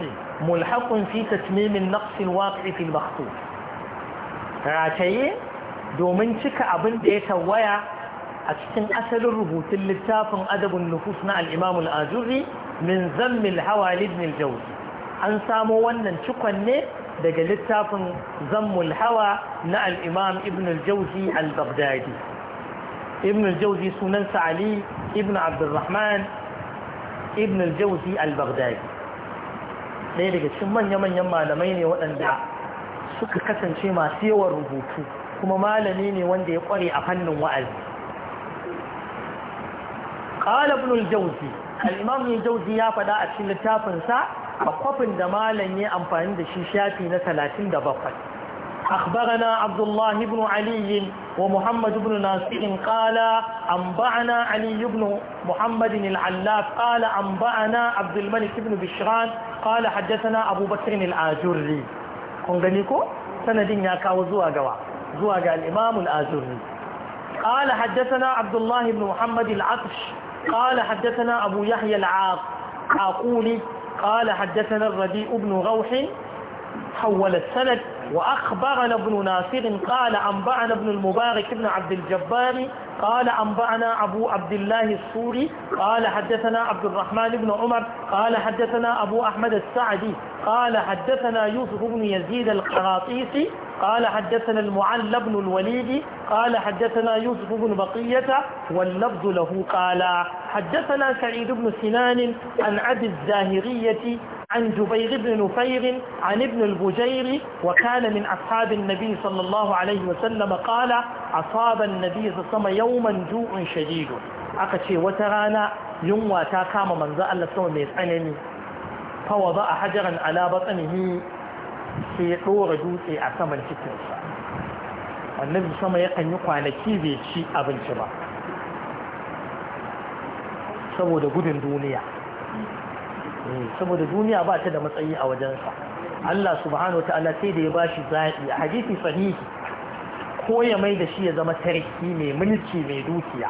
النقص ملحق في تتميم النقص الواقع في المخطوط راتيه domin cika abin da ya tawaya a cikin asalin rubutun littafin adabin nufus na al'imam al'ajuri min zammil hawa libnil jauzi an samo wannan cikon ne daga littafin zammul hawa na al'imam ibn al-jauzi al-baghdadi ibn al-jauzi sunansa ali ibn abdurrahman ibn al-jauzi al ɗaya daga cikin manya-manyan malamai ne waɗanda suka kasance masu yawan rubutu kuma malami ne wanda ya ƙware a fannin wa'azi ƙala ibn jauzi, al’imam ne jauzi ya faɗa a cikin littafinsa a kwafin da malami ya amfani da shi shafi na talatin da bakwai. أخبرنا عبد الله بن علي ومحمد بن ناصر قال أنبأنا علي بن محمد العلاف قال أنبأنا عبد الملك بن بشران قال حدثنا أبو بكر الآجري كنغنيكو سندين يا كاو زوا غوا الإمام الآجري قال حدثنا عبد الله بن محمد العطش قال حدثنا أبو يحيى العاق عاقولي قال حدثنا الرديء بن غوح حول السند وأخبرنا ابن ناصر قال أنبأنا ابن المبارك بن عبد الجبار قال أنبأنا أبو عبد الله السوري قال حدثنا عبد الرحمن بن عمر قال حدثنا أبو أحمد السعدي قال حدثنا يوسف بن يزيد القراطيسي قال حدثنا المعلى بن الوليد قال حدثنا يوسف بن بقية واللفظ له قال حدثنا سعيد بن سنان عن أبي الزاهرية عن جبير بن نفير عن ابن البجير وكان من أصحاب النبي صلى الله عليه وسلم قال أصاب النبي صلى الله عليه وسلم يوما جوع شديد أكشي وترانا يوم واتاكام من ذا الله سوى ميت أنني فوضع حجرا على بطنه sai ya ɗora dutse a saman cikinsa annabi sama ya kan yi kwanaki bai ci abinci ba saboda gudun duniya eh, saboda duniya ba ta da matsayi a wajen sa Allah subhanahu wa sai da ya ba shi zaɓi a hadisi sahihi ko ya mai da shi ya zama tarihi mai mulki mai dukiya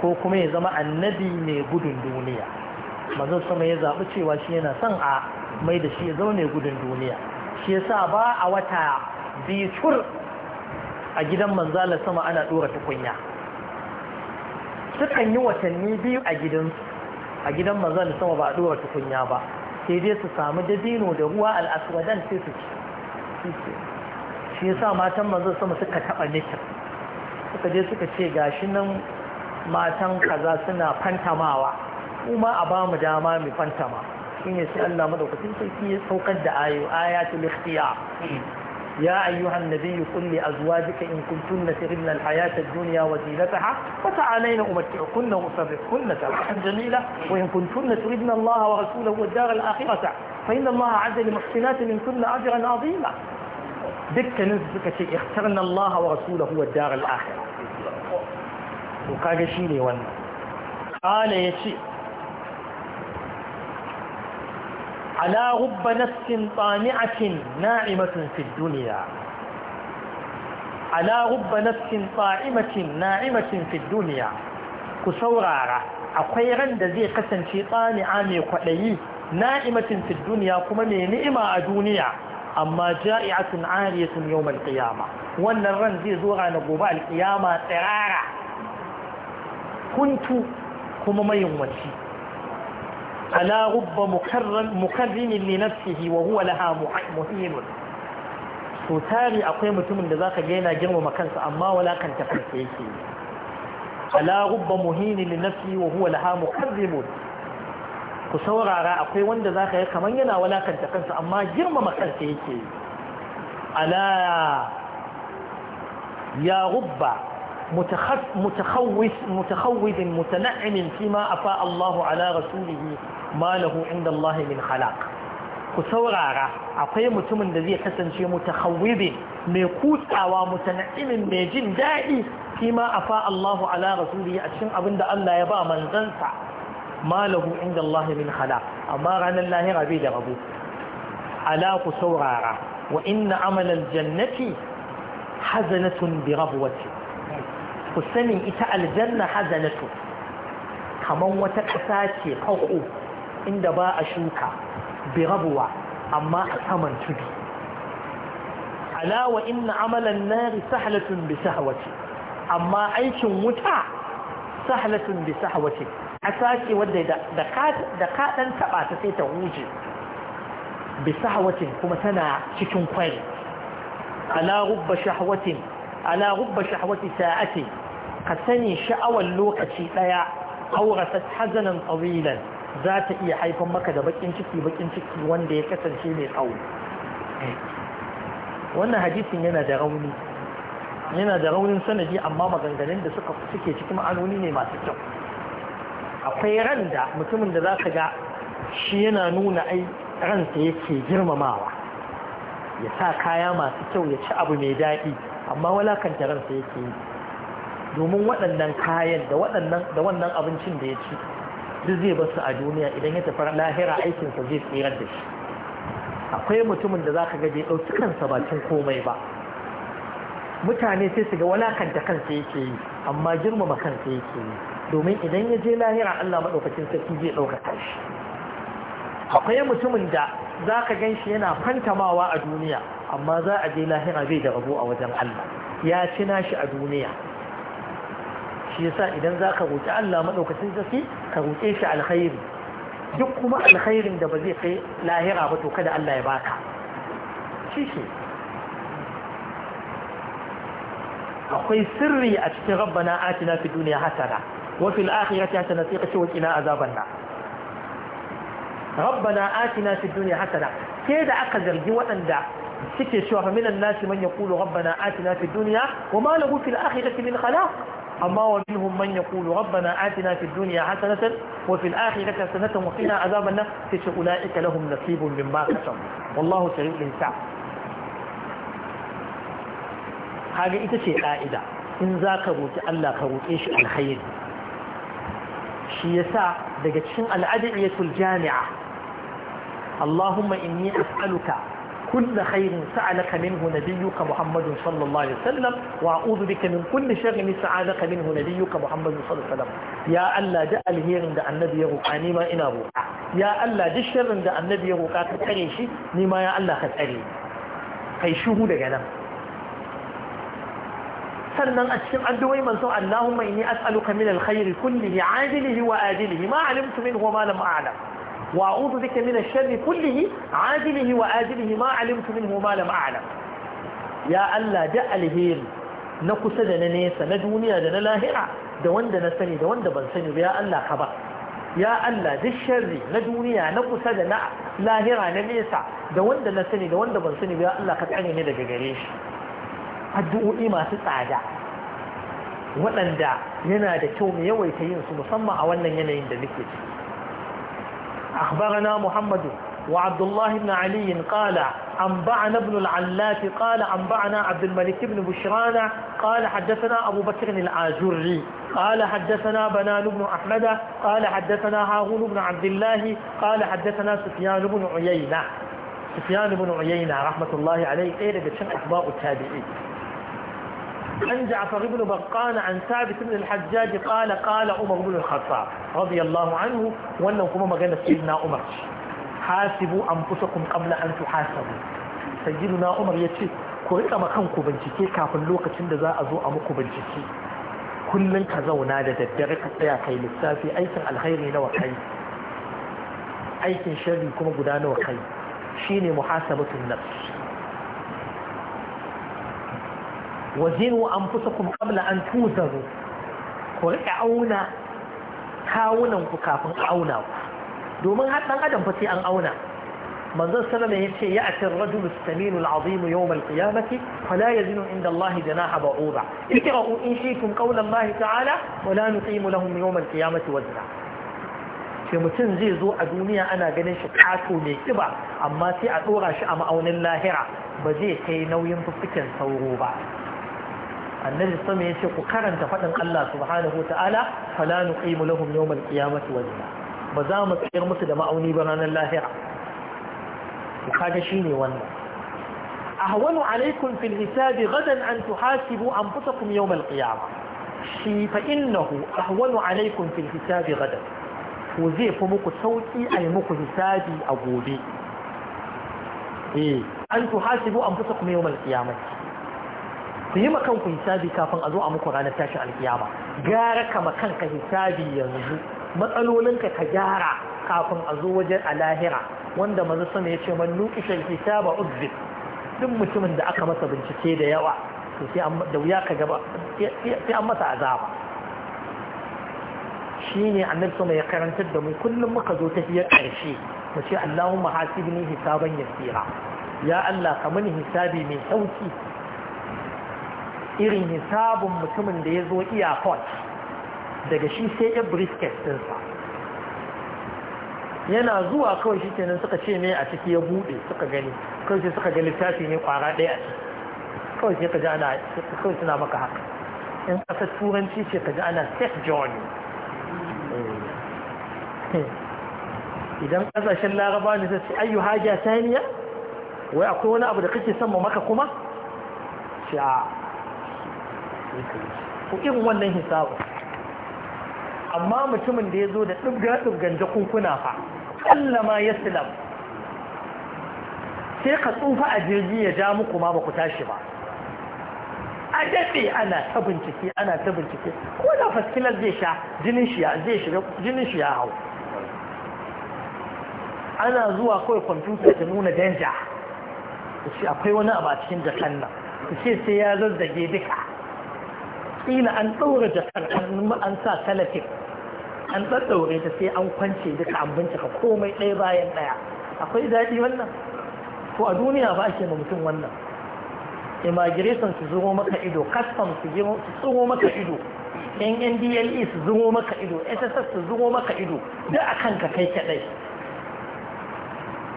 ko kuma ya zama annabi mai gudun duniya mazan sama ya zaɓi cewa shi yana son a mai da shi ya zama mai gudun duniya shi yasa ba a wata bitur a gidan manzala sama ana dora tukunya sukan yi watanni biyu a gidan a gidan manzala sama ba a dora tukunya ba sai dai su samu dabino da ruwa al'aswadan sai su ci shi matan manzala sama suka taba nikin suka je suka ce gashi nan matan kaza suna fantamawa kuma a ba mu dama mu fantama shine sai الله مدوك sarki ya saukar da ayo ayatul يا أيها النبي قل لأزواجك إن كنتن تردن الحياة الدنيا وزينتها فتعالين أمتعكن وأسرحكن سرحا جميلة وإن كنتن تردن الله ورسوله والدار الآخرة فإن الله عز لمحسنات من كن أجرا عظيما دك نزك شيء اخترنا الله ورسوله والدار الآخرة وقال شيني وانا قال يا شيء على رب نفس طامعة ناعمة في الدنيا على رب نفس طائمة ناعمة في الدنيا كسورارة أخيرا دزي قسن شيطان عامي قليل ناعمة في الدنيا كما نعمة الدنيا أما جائعة عالية يوم القيامة وأن الرنزي زورا نقوبة القيامة ترارا كنت كما ما يوم وشي فلا رب مكرم لنفسه وهو لها مهين to tari akwai mutumin da zaka ga yana girmama kansa amma wala kan ta farke shi ala rubba muhini li nafsi wa ku saurara akwai wanda zaka ga kaman yana wala kan ta kansa amma girmama kansa yake ala ya rubba mutakhawwis mutakhawwid mutana'im fima afa Allahu ala rasulihi ma inda Allah min khalaq ku saurara akwai mutumin da zai kasance mutakawwibe mai kutsawa mutana'imin mai jin daɗi Kima afa Allahu ala rasulihi a cikin abinda Allah ya ba manzansa malahu lahu inda Allah min khalaq amma ranar lahira bai da rabu ala ku saurara wa inna amalan jannati hazanatun bi rabwati ku sani ita aljanna hazanatu kaman wata ƙasa ce fako inda ba a shuka bi rabuwa amma a saman tudu alawa inna amalan nari sahlatun bi amma aikin wuta sahlatun bi sahwati a sace wadda da kaɗan taɓa ta sai ta huje bi kuma tana cikin kwari ala rubba shahwatin ala rubba ka sani sha'awar lokaci ɗaya aurasat hazanan tsawilan za ta iya haifan maka da bakin ciki bakin ciki wanda ya kasance mai tsawo wannan hadisin yana da rauni yana da raunin sanadi amma maganganun da suka suke cikin ma'anoni ne masu kyau akwai ran da mutumin da za ka ga shi yana nuna ai ransa yake girmamawa ya sa kaya masu kyau ya ci abu mai daɗi amma walakanta ransa yake yi domin waɗannan kayan da wannan abincin da ya ci duk zai basu a duniya idan ya tafi lahira aikinsa zai tsirar da shi akwai mutumin da zaka ka gaje ɗauki kansa ba cin komai ba mutane sai su ga walakanta kansa yake yi amma girmama kansa yake yi domin idan ya je lahira Allah maɗaukacin sarki zai ɗaukaka shi akwai mutumin da zaka ka gan shi yana fantamawa a duniya amma za a je lahira zai da rabo a wajen Allah ya ci nashi a duniya shi yasa idan za ka roƙi Allah maɗaukacin sarki ka roƙe shi alkhairi duk kuma alkhairin da ba zai kai lahira ba to kada Allah ya baka shi shi akwai sirri a cikin rabbana atina fi duniya hasana wa fil akhirati hasana sai kace wa qina azaban nar rabbana atina fi duniya hasana ke da aka zargi waɗanda suke cewa fa minan nasi man yaqulu rabbana atina fi duniya wa ma lahu fil akhirati min khalaq amma wa minhum man yaqulu rabbana atina duniya dunya hasanatan wa fil akhirati hasanatan wa qina azaban nar fa ulaika lahum nasibun mimma kasabu wallahu sayyidul hisab ita ce ka'ida in za ka roƙi Allah ka roƙe shi alkhairi shi yasa daga cikin al'adiyatul jami'a اللهم إني أسألك كل خير سألك منه نبيك محمد صلى الله عليه وسلم وأعوذ بك من كل شر سألك منه نبيك محمد صلى الله عليه وسلم يا الله دع الهير عند النبي يغوكاني ما إنا روقا يا الله دع الشر عند النبي يروقا كتريشي نما يا الله كتري كي شوهو دا جنم أتشم a cikin addu'o'i man sau Allahumma inni as'aluka min alkhairi kullihi ajilihi wa ajilihi ma alimtu minhu wa وأعوذ بك من الشر كله عاجله وآجله ما علمت منه ما لم أعلم يا الله جاء لهير نقص دنا نيسا ندونيا دنا لاهرة دوان دنا سني دوان دبن سني يا الله خبر يا الله ذي الشر ندونيا نقص دنا لاهرة نيسا دوان دنا سني دوان دبن سني يا الله قد عني هذا جريش addu'o'i masu tsada waɗanda yana da kyau mu yawaita yin su musamman a wannan yanayin da muke ciki أخبرنا محمد وعبد الله بن علي قال أنبعنا ابن العلات قال أنبعنا عبد الملك بن بشران قال حدثنا أبو بكر العاجري قال حدثنا بنان بن أحمد قال حدثنا هارون بن عبد الله قال حدثنا سفيان بن عيينة سفيان بن عيينة رحمة الله عليه إيه لقد شن أخبار التابعين عن جعفر بن بقان عن ثابت بن الحجاج قال قال عمر بن الخطاب رضي الله عنه وانه كما مغنى سيدنا عمر حاسبوا انفسكم قبل ان تحاسبوا سيدنا عمر يتي ku rika ma kanku bincike kafin lokacin da za a zo a muku bincike kullum ka zauna da daddare ka tsaya kai lissafi aikin alkhairi nawa kai aikin sharri kuma guda nawa kai shine muhasabatun wazinu kuma qabla an tuzaru ku rika auna kawunanku kafin auna ku domin har dan adam fa sai an auna manzon sallama yace ya atir rajul saminul azim yawm al qiyamati fala yazinu inda Allah janaha ba'uda ikra'u in shi'tum qawla Allah ta'ala wa la nuqimu lahum yawm al qiyamati wazna sai mutum zai zo a duniya ana ganin shi kato mai kiba amma sai a dora shi a ma'aunin lahira ba zai kai nauyin fuffuken sauro ba annabi sama ya ce ku karanta faɗin Allah subhanahu ta'ala fala nuqimu lahum yawm al-qiyamati wajha ba za mu tsayar musu da ma'auni ba ranar lahira ku kaga shine wannan ahwanu alaykum fil hisabi gadan an tuhasibu anfusakum yawm al-qiyamah shi fa innahu ahwanu alaykum fil hisabi gadan Ku zai fi muku sauki a yi muku hisabi a gobe eh an tuhasibu anfusakum yawm al-qiyamah ku yi ma kanku hisabi kafin a zo a muku ranar tashin alkiyama gara ka makan hisabi yanzu matsalolinka ka gyara kafin a zo wajen a lahira wanda mazu sama ya ce man nukishin hisaba uzbin duk mutumin da aka masa bincike da yawa to an da wuya ka gaba sai an masa azaba shine annabi sama ya karantar da mu kullum muka zo tafiyar karshe mu ce Allahumma hasibni hisaban yasira ya Allah ka mani hisabi mai sauki irin hisabun mutumin da ya zo airport daga shi sai ya brisket dinsa yana zuwa kawai shi kenan suka ce ne a ciki ya bude suka gani kawai sai suka ga littafi ne kwara daya a ciki kawai sai ka ji ana kawai suna maka haka in ƙasar turanci ce ka ji ana safe journey eh. idan kasashen laraba ne sai ayyu haja saniya wai akwai wani abu da kake son maka kuma sha'a ku irin wannan hisabu amma mutumin da ya zo da ɗubga-ɗubgan jakunkuna fa ƙalla ma ya silam sai ka tsufa a jirgi ya ja muku ma ba ku tashi ba a daɗe ana ta bincike ana ta bincike ko da faskilar zai sha jinin shi ya hau ana zuwa kawai kwamfuta ta nuna danja akwai wani abu a cikin jakan nan ce sai ya zazzage duka kila an ɗaura jakar an sa talafin an ɗaɗɗaure ta sai an kwance duka an bincika komai ɗaya bayan ɗaya akwai daɗi wannan ko a duniya ba ake ma mutum wannan immigration su zuro maka ido custom su zuro maka ido ndle su zuro maka ido sss su zuro maka ido da a kanka kai kaɗai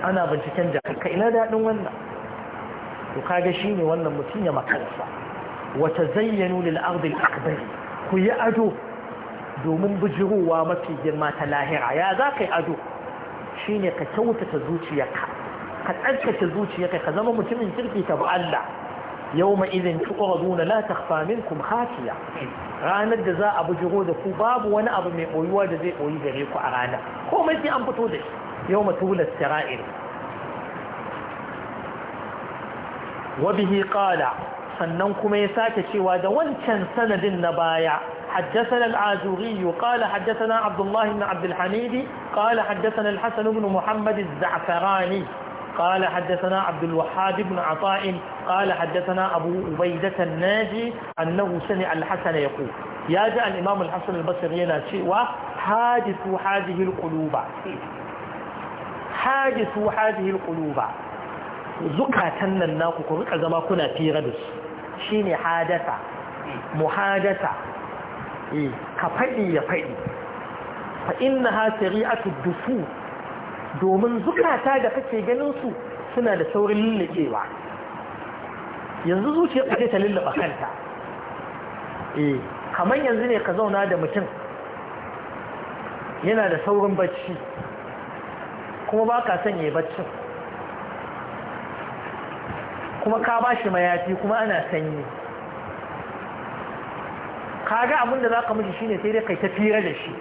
ana binciken jakar ka ina daɗin wannan to kaga ne wannan mutum ya makarsa وتزينوا للأرض الأكبر كي أدو دو من بجهو ومسي جرما تلاهر يا ذاك أدو شيني قتو يا يكا قد أدك يا يكا خزم متمن تركي تبع الله يوم إذن لا تخفى منكم خاتية رانت جزاء بجهو دفو باب وانا أبو مئو يواجه زي أويد ريكو أرانا هو مدي أنبطو دي يوم تولى السرائر وبه قال sannan kuma ya sake cewa da wancan sanadin na baya حدثنا العازوري قال حدثنا عبد الله بن عبد الحميد قال حدثنا الحسن بن محمد الزعفراني قال حدثنا عبد الوهاب بن عطاء قال حدثنا أبو عبيدة الناجي أنه سمع الحسن يقول يا جاء الإمام الحسن البصري هنا شيء وحادث هذه القلوب حادث هذه القلوب زكاة الناقك رقع زما كنا في غدس shine hadasa muhadasa eh, ka faɗi ya faɗi fa innaha sari'atu dufu domin zukata da kake ganin su suna da saurin lullubewa yanzu zuciya ba ta lullaba kanta eh kamar yanzu ne ka zauna da mutum yana da saurin bacci kuma ba ka sanya baccin kuma ka ba shi mayafi kuma ana sanyi kaga abin da za ka mishi shine sai dai kai ta fira da shi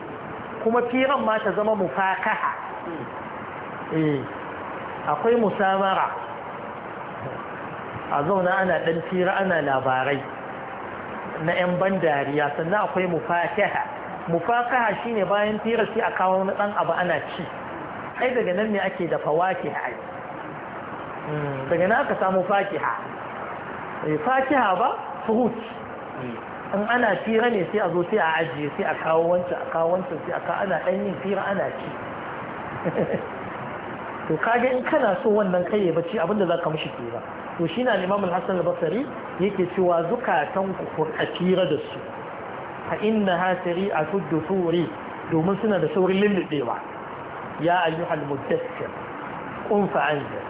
kuma firan ma ta zama mufakaha eh akwai musamara a zauna ana dan fira ana labarai na 'yan ban dariya sannan akwai mufakaha mufakaha shine bayan fira sai a kawo na dan abu ana ci ai daga nan ne ake da fawaki ai daga na aka samu fakiha eh, fakiha ba fruit in ana fira ne sai a zo sai a ajiye sai a kawo wancan a kawo wancan sai a kawo ana ɗan yin fira ana ci to kage in kana so wannan kai ya bace abinda zaka mishi ba to shi na Imam Al-Hasan Al-Basri yake cewa zukatan ku a fira da su fa ha sari'atu dufuri domin suna da saurin lullubewa ya ayyuhal muddathir qum fa'anzir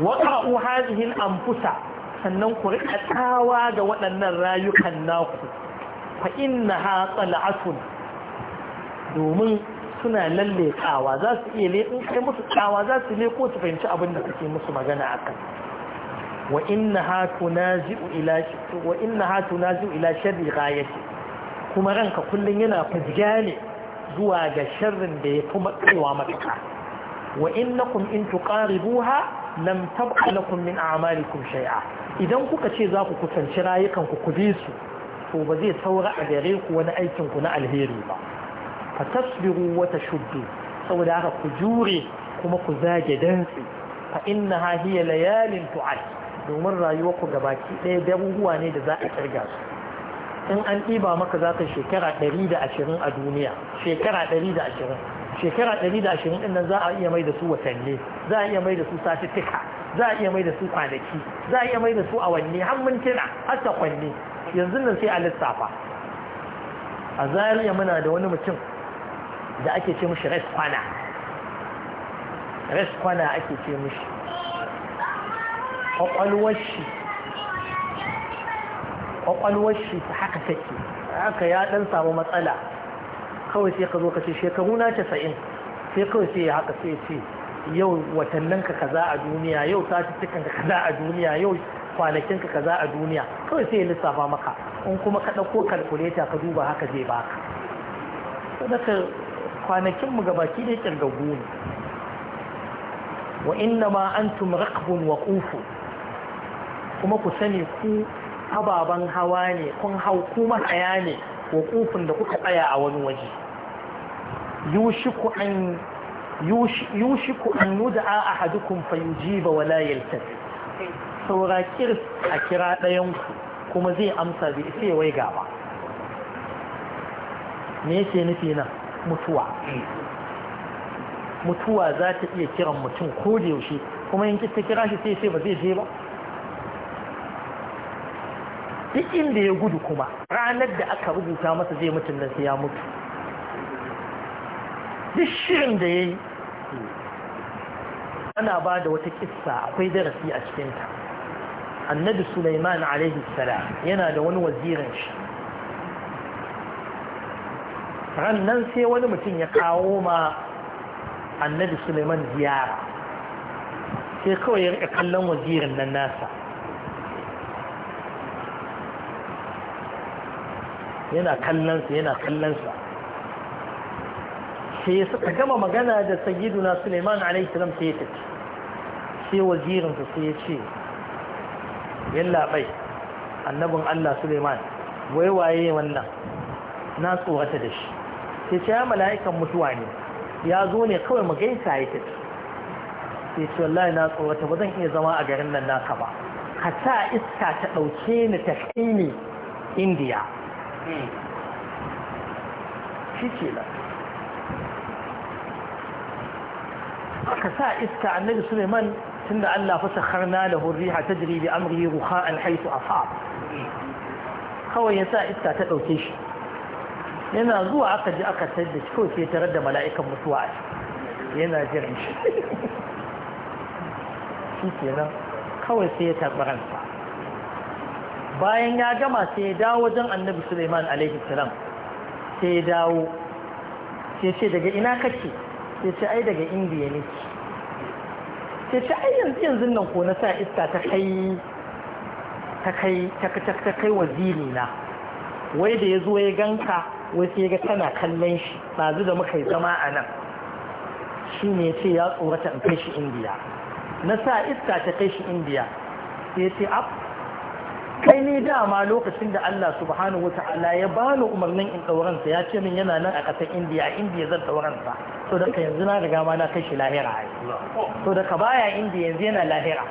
waƙa'u hadihin amfusa sannan ku riƙa tsawa ga waɗannan rayukan naku fa inna ha domin suna lalle tsawa za su iya in kai musu tsawa za su leko su fahimci abin da kake musu magana a kan wa inna ha tunazi'u ila sharri ghayati kuma ranka kullum yana fizga zuwa ga sharrin da ya kuma kaiwa maka wa innakum in tuqaribuha lam tabqa lakum min a'malikum shay'a idan kuka ce za ku kusanci rayukan ku ku bi su to ba zai saura a gare ku wani aikin ku na alheri ba fa tasbiru wa tashuddu saboda haka ku jure kuma ku zage dantsi fa innaha hiya layalin tu'ad domin rayuwar ku gabaki ɗaya daruruwa ne da za a kirga su in an ɗiba maka za ka shekara 120 a duniya shekara 120 shekara 120 din nan za a iya mai da su watanni za a iya mai da su satittika za a iya mai da su kwanaki za a iya mai da su awanni har mintuna har sakwanni yanzu nan sai a lissafa a zariya muna da wani mutum da ake ce mishi res kwana res kwana ake ce mishi kwakwalwar shi kwakwalwar shi haka take haka ya dan samu matsala kawai sai ka zo ka ce shekaru na casa'in sai kawai sai ya haka sai ce yau watannin ka kaza a duniya yau satuttukan ka kaza a duniya yau kwanakin ka kaza a duniya kawai sai ya lissafa maka in kuma ka ɗauko kalkuleta ka duba haka zai baka sadaka kwanakin mu gabaki da gagu ne wa inna ma antum raqbun wa qufu kuma ku sani ku ababan hawa ne kun hau kuma haya ne kuka لكوك a wani waje. Yushi ku an أن يدعى أحدكم فيجيب ولا يلتفت saura kirs a kira ɗayanku kuma zai amsa bai isa wai waiga ba me yake nufi nan mutuwa mutuwa za ta iya kiran mutum ko da yaushe kuma in ta kira shi sai sai ba zai je ba duk inda ya gudu kuma ranar da aka rubuta masa zai mutum nan sai mutu duk shirin da ya yi ana ba da wata kissa akwai darasi a cikinta annabi sulaiman alaihi salam yana da wani wazirin shi rannan sai wani mutum ya kawo ma annabi Suleiman ziyara sai kawai ya rika kallon wazirin nan nasa yana kallonsa yana kallonsa sai suka gama magana da sayyiduna suleiman alaihissalam sai ya tafi sai wazirinsa sai ya ce yalla bai annabin allah suleiman wai waye wannan na tsorata da shi sai ce ya mala'ikan mutuwa ne ya zo ne kawai mu gaisa ya tafi sai ce wallahi na tsorata ba zan iya zama a garin nan naka ba ka sa iska ta ɗauke ni ta kai ni indiya shi ke nan aka sa iska annabi suleiman tun da allah fasa harna da hurriha ta jiri da amri ruha an haitu a fa kawai ya sa iska ta ɗauke shi yana zuwa aka ji aka sayar da shi kawai ke tarar da mala'ikan mutuwa a yana jiran shi shi ke nan kawai sai ya taɓi bayan ya gama sai ya dawo wajen annabi suleiman alaihi salam sai ya dawo sai ce daga ina kake sai ce ai daga indiya ne sai ce ai yanzu yanzu nan ko na sa iska ta kai ta kai ta kai waziri na wai da ya zo ya ganka wai sai ya ga tana kallon shi ɗazu da muka yi zama a nan shi ne ce ya tsorata in kai shi indiya na sa iska ta kai shi indiya sai ce ab kai ne dama lokacin da Allah subhanahu wa ta'ala ya bani umarnin in ɗauransa ya ce min yana nan a ƙasar indiya indiya zan ɗauransa to da ka yanzu na riga ma na kai shi lahira a to da ka baya indiya yanzu yana lahira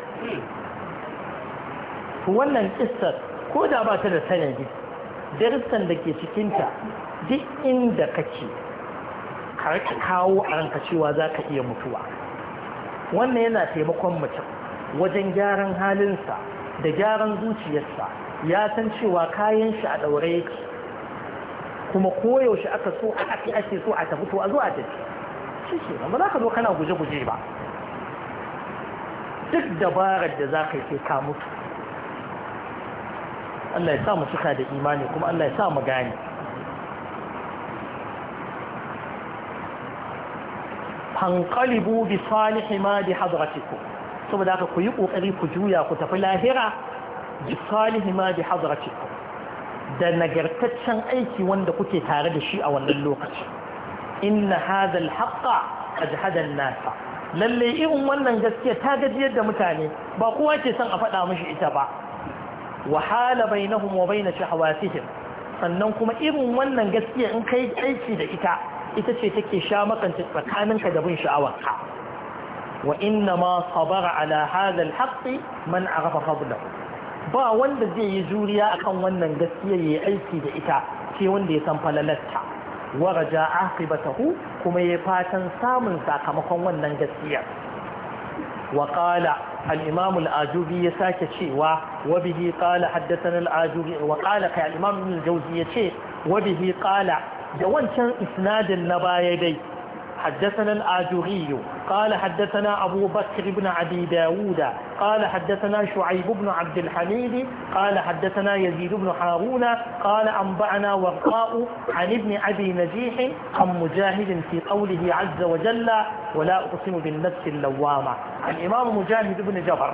wannan kissar ko da ba ta da sanadi darussan da ke cikinta duk inda kake ka kawo a ranka cewa za ka iya mutuwa wannan yana taimakon mutum wajen gyaran halinsa da gyaran zuciyarsa ya san cewa kayan shi a ɗaure yake kuma koyaushe aka so ake ake so a tafi to a zo a tafi shi ke ba za ka zo kana guje-guje ba duk dabarar da za ka yi ka mutu Allah ya sa mu cika da imani kuma Allah ya sa mu gane fanqalibu bi salihi ma bi hadratikum saboda haka ku yi kokari ku juya ku tafi lahira bi salihi ma bi da nagartaccen aiki wanda kuke tare da shi a wannan lokaci inna hadha al-haqqa ajhada an-nasa lalle irin wannan gaskiya ta gajiyar da mutane ba kowa ke son a faɗa mishi ita ba wahala bainahum wa bain shahawatihim sannan kuma irin wannan gaskiya in kai aiki da ita ita ce take sha makanta tsakaninka da bin sha'awarka وإنما صبر على هذا الحق من عرف فضله ba wanda zai yi juriya akan wannan gaskiya yayi aiki da ita ce wanda ya san falalarta wa raja aqibatahu kuma yayi fatan samun sakamakon wannan gaskiya wa qala al-imam ya sake cewa wabihi qala haddathana wa qala kai al-imam ya ce jawzi yace da wancan isnadin na baya dai حدثنا الآجري قال حدثنا أبو بكر بن عبي داود قال حدثنا شعيب بن عبد الحميد قال حدثنا يزيد بن هارون قال أنبأنا ورقاء عن ابن أبي نجيح عن مجاهد في قوله عز وجل ولا أقسم بالنفس اللوامة الإمام مجاهد بن جبر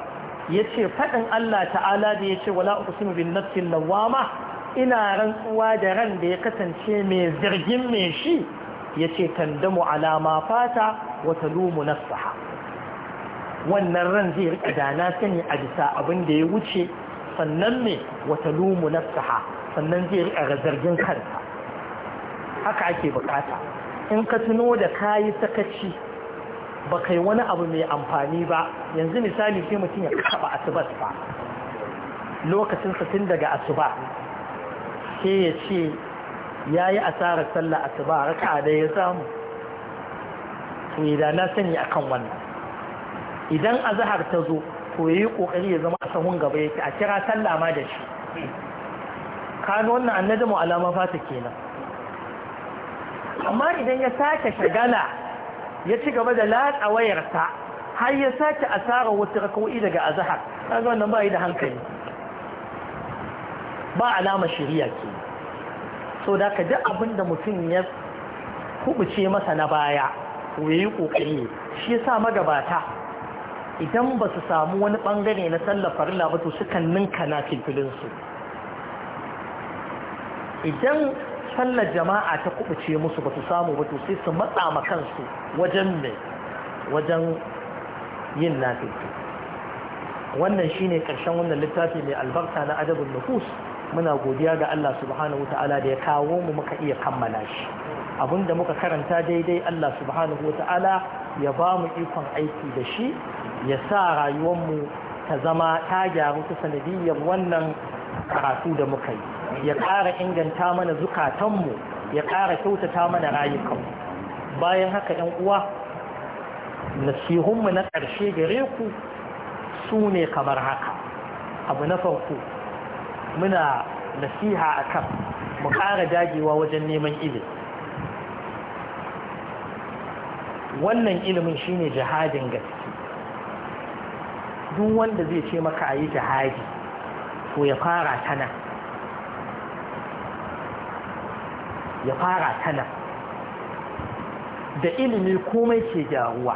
yace faɗin Allah تعالى da ولا اقسم بالنفس اللوامه إنا رن ina rantsuwa da من da ya شيء yace tandamu ala ma fata wa talumu nafsaha wannan ran zai rika dana sani a bisa abin da ya wuce sannan ne wa talumu nafsaha sannan zai rika zargin kansa haka ake bukata in ka tuno da kayi sakaci ba kai wani abu mai amfani ba yanzu misali sai mutum ya kaba asibas ba lokacin sa tun daga asuba sai ya ce ya yi asarar sallah a a raka da ya samu to yi da na sani akan wannan idan azahar ta zo to ya yi ƙoƙari ya zama a sahun gaba yake a kira sallah ma da shi kaga wannan nadama alama fata kenan amma idan ya sake shagala ya ci gaba da latsa wayarsa har ya sake asarar wasu rakawai daga azahar kaga wannan ba yi da hankali ba alama shari'a kenan so da ka ji abin da mutum ya kubuce masa na baya ya yi ƙoƙari shi ya sa magabata idan ba su samu wani bangare na sallar farilla ba to sukan ninka na filfilinsu idan sallar jama'a ta kubuce musu ba su samu ba to sai su matsa ma kansu wajen mai wajen yin nafi wannan shine ƙarshen wannan littafi mai albarka na adabin nufus muna godiya ga Allah subhanahu wata'ala da ya kawo mu muka iya kammala shi abinda muka karanta daidai Allah subhanahu wata'ala ya ba mu ikon aiki da shi ya sa rayuwarmu ta zama ta gyaru ta sanadiyyar wannan karatu da muka yi ya ƙara inganta mana zukatanmu ya ƙara kyautata mana rayukanmu bayan haka ‘yan uwa nasihunmu na ƙarshe gare ku su ne kamar haka abu na farko muna nasiha a kan mu ƙara dagewa wajen neman ilimi wannan ilimin shine jihadin gaske duk wanda zai ce maka a yi jihadi to ya fara tana ya fara tana da ilimi komai ke gyaruwa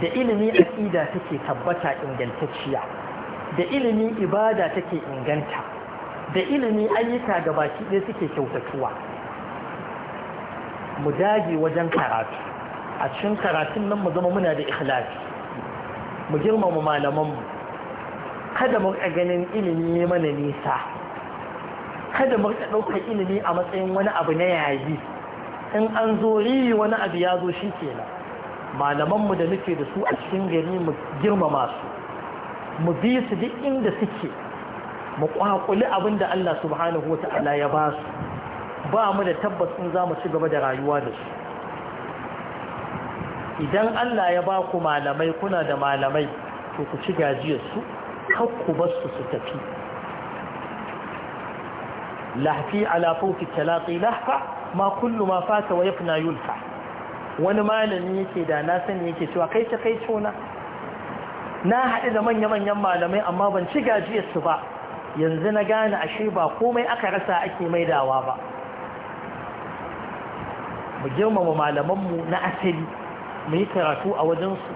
da ilimi a aƙida take tabbata ingantacciya da ilimin ibada take inganta da ilimi ayyuka da baki ɗaya suke kyautatuwa mu dage wajen karatu a cikin karatun nan mu zama muna da ikhlasi mu girmama malamanmu kada mu ganin ilimi ne mana nisa kada mu ɗaukar ilimi a matsayin wani abu na yayi in an zo yi wani abu ya zo shi kenan malamanmu da muke da su a cikin gari mu girmama su mu bi su duk inda suke mu kwakuli abin da Allah subhanahu wa ta'ala ya ba su ba mu da tabbas in za mu ci gaba da rayuwa da su idan Allah ya ba ku malamai kuna da malamai to ku ci gajiyarsu kar ku bar su su tafi lahfi ala fawki talaqi lahfa ma kullu ma fata wa yafna yulfa wani malami yake da na sani yake cewa kai ta kai tona na haɗu da manya-manyan malamai amma ban ci gajiyarsu ba yanzu na gane ashe ba komai aka rasa ake maidawa ba mu girmama malamanmu na asali mu yi karatu a wajensu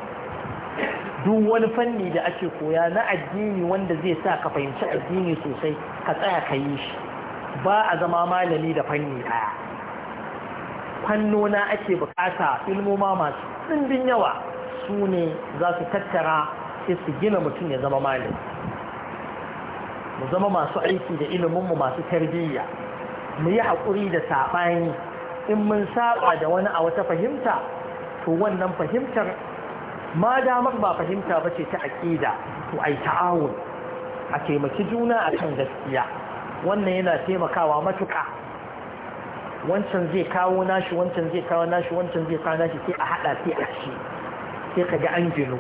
duk wani fanni da ake koya na addini wanda zai sa ka fahimci addini sosai ka tsaya ka yi shi ba a zama malami da fanni ɗaya fannona ake bukata ilmoma masu ɗimbin yawa su ne za su tattara sai su gina mutum ya zama malami mu zama masu aiki da iliminmu masu tarbiyya mu yi haƙuri da saɓani in mun saɓa da wani a wata fahimta to wannan fahimtar ma damar ba fahimta ba ce ta aƙida to ai ta'awun a taimaki juna a kan gaskiya wannan yana taimakawa matuƙa wancan zai kawo nashi wancan zai kawo nashi wancan zai kawo nashi sai a haɗa sai a ci sai ka ga an ginu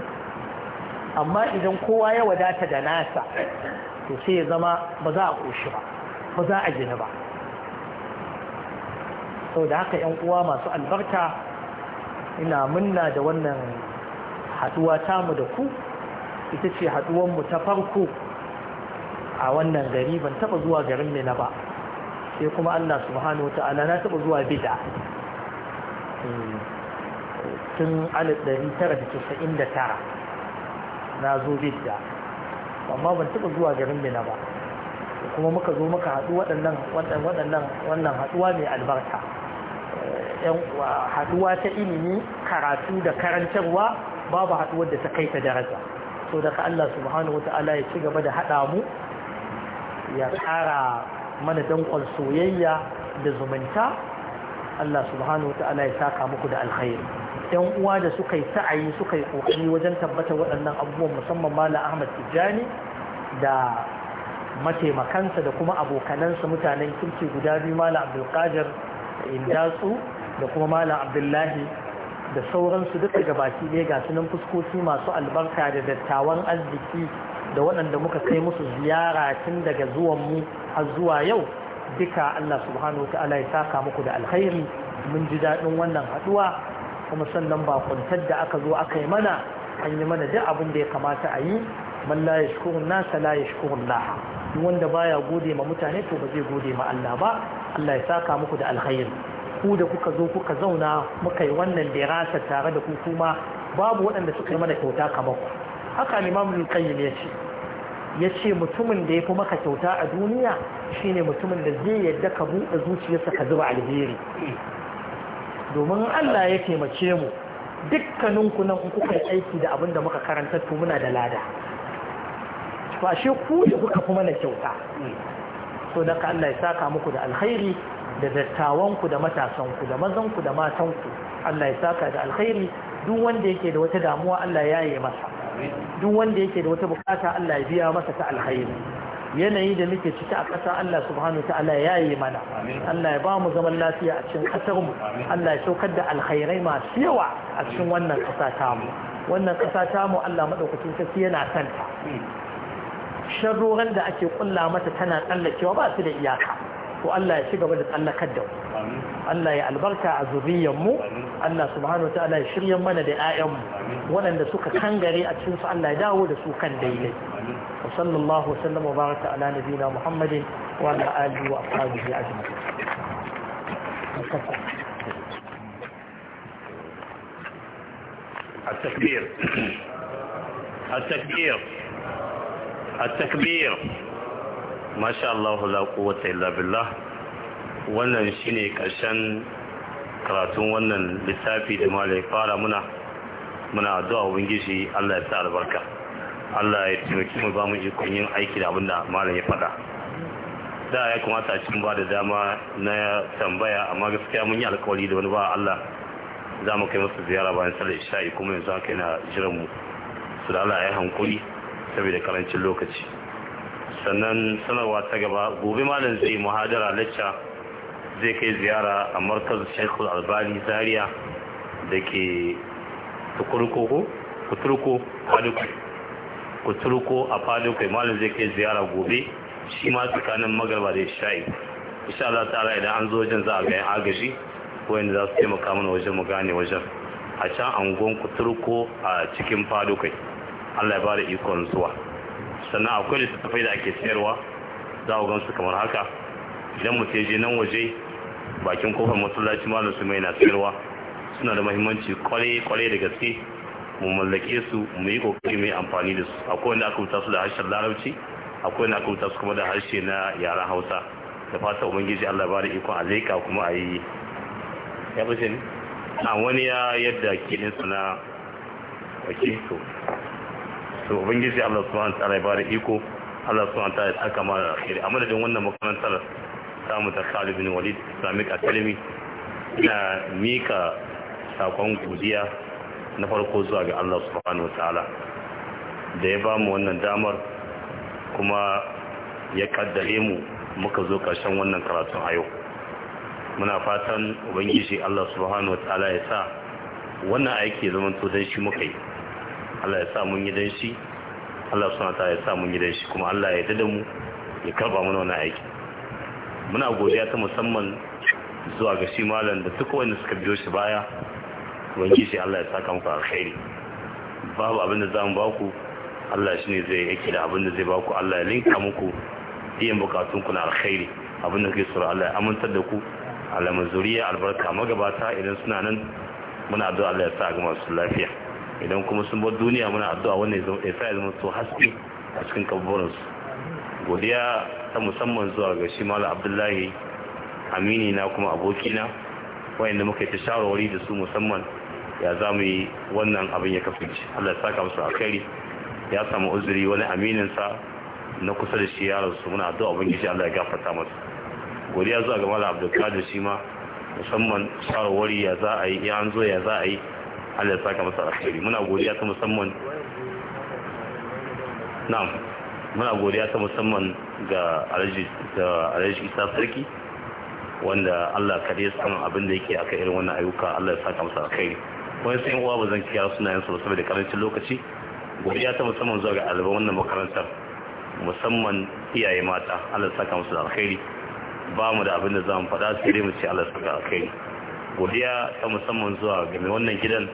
amma idan kowa ya wadata da nasa to sai ya zama ba za a ƙoshi ba ba za a gina ba sau da haka yan uwa masu albarta, ina munna da wannan haduwa tamu da ku ita ce mu ta farko a wannan gari ban taba zuwa garin mina ba sai kuma allah subhanahu wa ta'ala na taba zuwa bida hmm, tun 1999 na zo bidda amma ban taɓa zuwa garin mina ba kuma muka zo muka haɗu waɗannan waɗannan wannan haɗuwa mai albarka eh, haɗuwa ta ilimi karatu da karantarwa babu haɗuwar da ta kai ta daraja so daga Allah subhanahu wa ta'ala ya ci gaba da haɗa mu ya ƙara mana danƙon soyayya da zumunta Allah subhanahu wata'ala ya saka muku da alkhairi yan uwa da suka yi sa'ayi suka yi kokari wajen tabbatar waɗannan abubuwan musamman Malam Ahmad Tijjani da mataimakansa da kuma abokanansa mutanen kirki guda biyu Malam da Indatsu da kuma Malam Abdullahi da sauransu duka baki ɗaya ga sunan fuskoki masu albarka da dattawan arziki da waɗanda muka kai musu ziyara tun daga zuwan mu har zuwa yau duka Allah subhanahu wa ta'ala ya saka muku da alkhairi mun ji daɗin wannan haɗuwa kuma sannan ba kwantar da aka zo aka yi mana an yi mana duk abin da ya kamata a yi man la yashkurun nasa la yashkurun laha wanda baya gode ma mutane to ba zai gode ma Allah ba Allah ya saka muku da alkhairi ku da kuka zo kuka zauna muka yi wannan dirasa tare da ku kuma babu waɗanda suka yi mana kyauta kamar ku haka Imam Ibn Qayyim ya ce ya ce mutumin da ya fi maka kyauta a duniya shine mutumin da zai yadda ka buɗe zuciyarsa ka zuba alheri domin Allah ya taimake mu dukkaninku nan in kuka yi aiki da abin da muka karanta tu muna da lada ba shi ku da kuka fi mana kyauta so da Allah ya saka muku da alkhairi da dattawanku da matasanku da mazanku da matanku Allah ya saka da alkhairi duk wanda yake da wata damuwa Allah ya yi masa duk wanda yake da wata bukata Allah ya biya masa ta alkhairi yanayi da muke ciki a ƙasa Allah subhanahu ta'ala ya yi mana Allah ya ba mu zaman lafiya a cikin ƙasar mu Allah ya saukar da alkhairai masu yawa a cikin wannan ƙasa ta mu wannan ƙasa ta mu Allah madaukakin sarki yana santa sharroran da ake kulla mata tana tsallakewa ba su da iyaka to Allah ya ci gaba da tsallakar da mu Allah ya albarka a zuriyar mu Allah subhanahu wa ta'ala ya shirya mana da ƴaƴanmu waɗanda suka kangare a cikin su Allah ya dawo da su kan daidai wa sallallahu wasallam wa baraka ala nabiyina Muhammadin wa ala alihi wa ashabihi ajma'in التكبير التكبير التكبير ما شاء الله لا قوة إلا بالله wannan shine ƙarshen karatun wannan littafi da malai fara muna muna addu'a ubangiji Allah ya sa albarka Allah ya taimaki mu ba mu ji yin aiki da abinda malam ya faɗa da ya kamata a cikin ba da dama na tambaya amma gaskiya mun yi alkawari da wani ba Allah za mu kai masa ziyara bayan sallar isha'i kuma yanzu haka yana jiran mu su da Allah ya hankuri saboda karancin lokaci sannan sanarwa ta gaba gobe malam zai muhadara lacca zai kai ziyara a markaz shekul albani zaria da ke kuturko a fadukai malin zai kai ziyara gobe shi ma tsakanin magarba da sha'i insha Allah ta'ala idan an zo wajen za a ga yan agaji wanda za su taimaka mana wajen mu gane wajen a can gon kuturko a cikin fadukai Allah ya bada ikon zuwa sannan akwai littattafai da ake sayarwa za ku gansu kamar haka idan mu je nan waje bakin kofar masallaci malam su mai na sayarwa suna da mahimmanci kwarai kwarai da gaske mu mallake su mu yi kokari mu amfani da su akwai wanda aka rubuta su da harshen larabci akwai wanda aka rubuta su kuma da harshe na yaren hausa da fata ubangiji allah ba da ikon alaika kuma a yi ya fashe ne a wani ya yadda kilin su na wake to to ubangiji allah subhanahu ya ba da iko allah subhanahu wa ta'ala ya saka mana alheri a madadin wannan makarantar samu ta salibin Walid Islamic Academy ina mika sakon godiya na farko zuwa ga Allah subhanahu ta'ala da ya ba mu wannan damar kuma ya kaddare mu muka zo karshen wannan karatun a yau muna fatan ubangiji Allah subhanahu ta'ala ya sa wannan aiki ya zama to shi muka yi Allah ya sa mun yi don shi Allah suna ta ya sa mun yi don shi kuma Allah ya dada mu ya karba mana wannan aiki muna godiya ta musamman zuwa ga shi malam da duk wanda suka biyo shi baya wani shi Allah ya saka muku alkhairi babu abin da za mu baku Allah shi ne zai yake da abin da zai baku Allah ya linka muku biyan bukatun ku na alkhairi abin da kai sura Allah ya amintar da ku alamun zuriya albarka magabata idan suna nan muna addu'a Allah ya sa ga masu lafiya idan kuma sun bar duniya muna addu'a wannan ya sa ya zama su haske a cikin kaburinsu godiya ta musamman zuwa ga shi malam abdullahi amini na kuma abokina wayanda muka yi ta shawarwari da su musamman ya za mu yi wannan abin ya kafin shi. allah ya saka musu alkhairi ya samu uzuri wani amininsa na kusa da shi yaron su muna addu'a gishi allah ya gafarta masa godiya zuwa ga malam abdulkadir shi ma musamman shawarwari ya za a yi ya an zo ya za a yi allah ya saka musu alkhairi muna godiya ta musamman na'am muna godiya ta musamman ga alhaji isa sarki wanda allah kaɗai ya samu abin da yake aka irin wannan ayyuka allah ya saka masa alkhairi wani sai uwa ba zan suna sunayen ba saboda karancin lokaci godiya ta musamman zuwa ga ɗaliban wannan makarantar musamman iyaye mata allah ya saka masa da alkhairi ba mu da abin da za mu faɗa sai dai mu ce allah ya saka alkhairi godiya ta musamman zuwa ga mai wannan gidan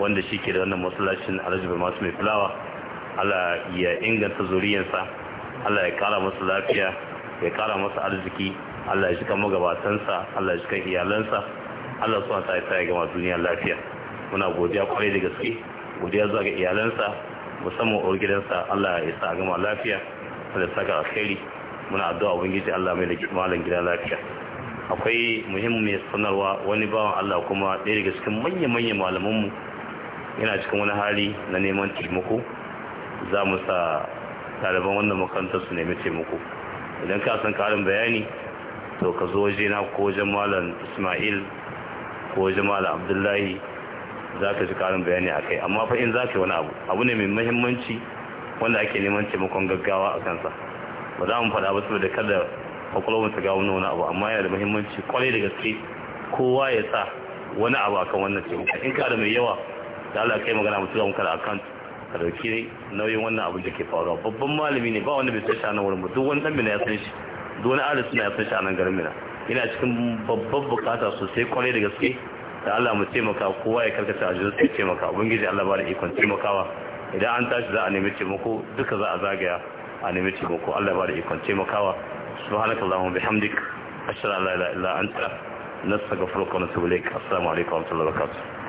wanda shi ke da wannan masallacin alhaji masu mai fulawa Allah ya inganta zuriyarsa Allah ya kara masa lafiya ya kara masa arziki Allah ya shiga magabatansa Allah ya shiga iyalansa Allah su ta ya gama duniya lafiya muna godiya kwarai da gaske godiya zuwa ga iyalansa musamman uwar gidansa Allah ya sa gama lafiya da saka alheri muna addu'a ubangiji Allah mai da malam gida lafiya akwai muhimmin sanarwa wani bawan Allah kuma ɗaya daga cikin manya-manyan malamanmu yana cikin wani hali na neman taimako za mu sa ɗaliban wannan makarantar su nemi taimako idan ka san karin bayani to ka zo waje na ko wajen malam ismail ko wajen malam abdullahi za ka ji karin bayani a kai amma fa in za ka yi wani abu abu ne mai mahimmanci wanda ake neman taimakon gaggawa a kansa ba za mu faɗa ba saboda kada kwakwalwar ta ga wani abu amma yana da mahimmanci kwarai da gaske kowa ya sa wani abu akan wannan taimako in ka da mai yawa da Allah kai magana mutu da muka da ka dauki nauyin wannan abin da ke faruwa babban malami ne ba wanda bai san shi a nan wurin duk wani dan mina ya san shi duk wani arziki na ya san shi a nan garin mina ina cikin babban bukata sosai kwarai da gaske da Allah mu taimaka kowa ya karkata a jinsu ya taimaka ubangiji Allah ba da ikon taimakawa idan an tashi za a nemi taimako duka za a zagaya a nemi taimako Allah ba da ikon taimakawa subhanaka allahumma bihamdik ashhadu an la ilaha illa anta nastaghfiruka wa natubu ilaik assalamu alaikum wa rahmatullahi wa barakatuh